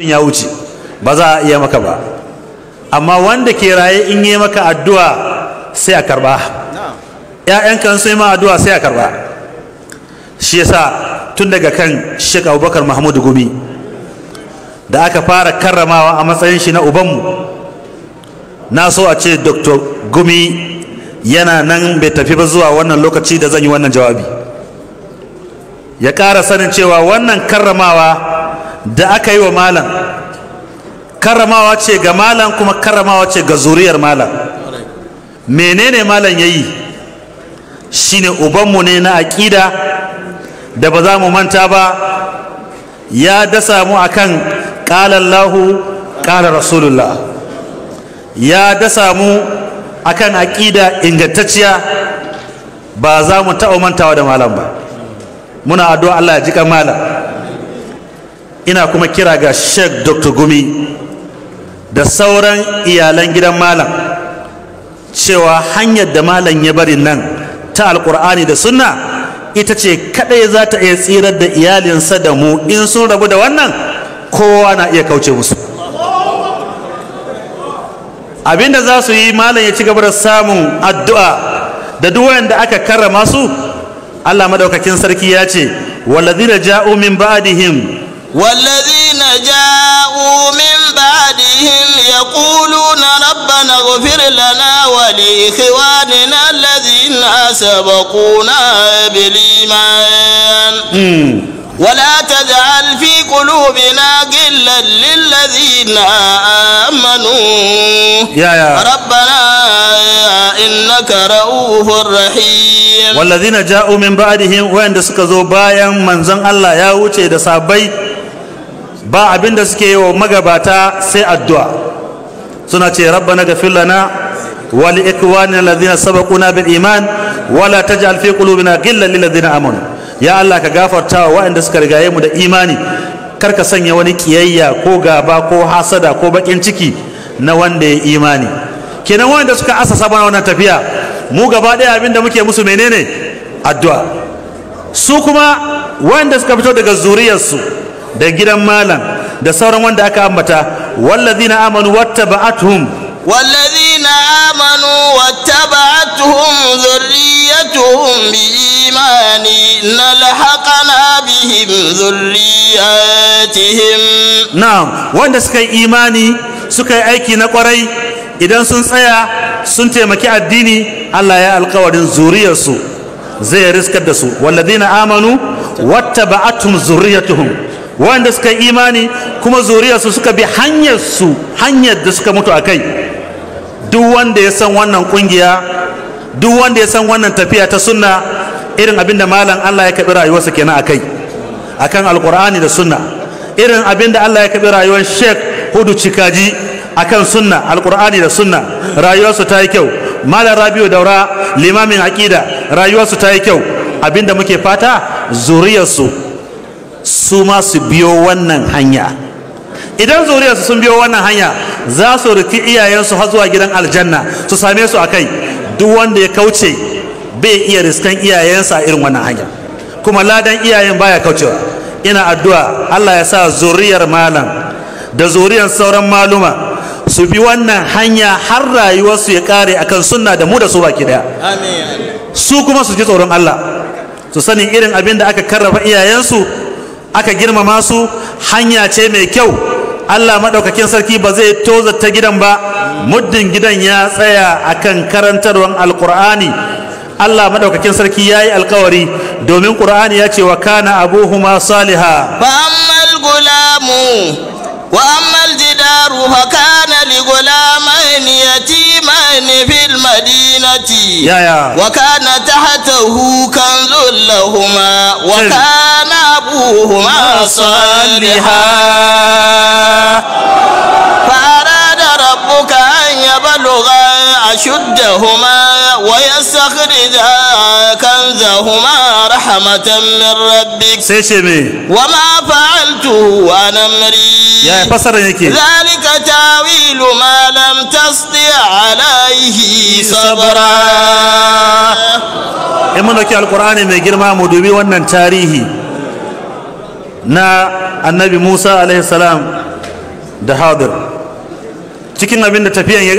Mutum ya wuce ba za a iya maka ba amma wanda ke raye in yi maka addu'a sai a karba ya'yan sun yi ma addu'a sai a karba shi yasa tun daga kan Sheikh Abubakar Mahmud Gumi da aka fara karramawa a matsayin shi na ubanmu na so a ce Dr. Gumi yana nan bai tafi ba zuwa wannan lokaci da zan yi wannan jawabi ya ƙara sanin cewa wannan karramawa da aka yi wa malam karamawa ce ga malam kuma karamawa ce ga zuriyar malam menene malam ya yi Shi ne ubanmu ne na aƙida da ba za mu manta ba ya dasa mu akan ƙalallahu ƙalar rasulullah ya dasa mu akan aƙida ingantacciya ba za mu taɓa mantawa da malam ba muna addu'a Allah ya ji malam ina kuma kira ga sheikh dr gumi da sauran iyalan gidan malam cewa hanyar da malam ya bari nan ta alkur'ani da sunna ita ce kadai za ta iya tsirar da iyalinsa da mu in sun rabu da wannan kowa na iya kauce musu abinda za su yi malam ya ci gaba da samun addu'a da duk da aka karrama su Allah madaukakin sarki ya ce walladhina ja'u min ba'dihim والذين جاءوا من بعدهم يقولون ربنا اغفر لنا ولإخواننا الذين سبقونا بالإيمان ولا تجعل في قلوبنا غلا للذين آمنوا يا يا. ربنا إنك رؤوف رحيم والذين جاءوا من بعدهم وين سكزوا بايا من زن الله يا وجه دسابي ba abin da suke yi wa magabata sai addu'a suna ce rabbana gafir lana wa li ikwani alladhina sabaquna bil iman wa la taj'al fi qulubina ghillan lil ladhina amanu ya Allah ka gafarta wa wanda suka rigaye mu da imani kar ka sanya wani kiyayya ko gaba ko hasada ko bakin ciki na wanda ya imani kenan wanda suka asasa bana wannan tafiya mu gaba ɗaya abin da muke musu menene addu'a su kuma wanda suka fito daga zuriyarsu da gidan malam da sauran wanda aka ambata wallazina amanu wattaba'atuhum wallazina amanu wattaba'atuhum dhurriyyatuhum biimani nalhaqana bihim dhurriyyatihim na'am wanda suka yi imani suka yi aiki na kwarai idan sun tsaya sun taimaki addini Allah ya alkawarin zuriyarsu zai riskar da su wallazina amanu wattaba'atuhum dhurriyyatuhum wanda suka yi imani kuma zuriyarsu suka bi hanyar su hanyar da suka mutu akai duk wanda ya san wannan kungiya duk wanda ya san wannan tafiya ta sunna irin abinda malam Allah ya kabi rayuwarsa kenan a akan alqur'ani da sunna irin abinda Allah ya kabi rayuwar Sheikh Hudu Cikaji akan sunna alqur'ani da sunna rayuwarsu ta yi kyau malam Rabiu Daura limamin aqida rayuwarsu ta yi kyau abinda muke fata zuriyarsu su ma su biyo wannan hanya idan zuriyarsu sun biyo wannan hanya za su rufi iyayensu har zuwa gidan aljanna su same su a kai duk wanda ya kauce bai iya riskan iyayensa a irin wannan hanya kuma ladan iyayen baya kaucewa ina addu'a Allah ya sa zuriyar malam da zuriyar sauran maluma su bi wannan hanya har rayuwarsu ya kare akan sunna da mu da su baki daya su kuma su ji tsoron Allah su sani irin abin da aka karraba iyayensu aka girmama su hanya ce mai kyau Allah maɗaukakin sarki ba zai toza ta gidan ba muddin gidan ya tsaya a kan karantarwar alkur'ani Allah maɗaukakin sarki ya yi alkawari domin ƙur'ani ya ce wa kana abuhuma saliha ba ammal gulamu wa ammal jidaru fa kana li gulamain yatimain fil madinati yaya wa kana tahtahu kanzul lahuma wa فأرادوهما صالحا فأراد ربك أن يبلغا أشدهما ويستخرجا كنزهما رحمة من ربك سيشمي وما فعلته عن أمري ذلك تاويل ما لم تستطع عليه صبرا إمنا كي القرآن مجرما مدوبي ونن تاريخي na annabi musa alaihi da hadir cikin abin da tafiyan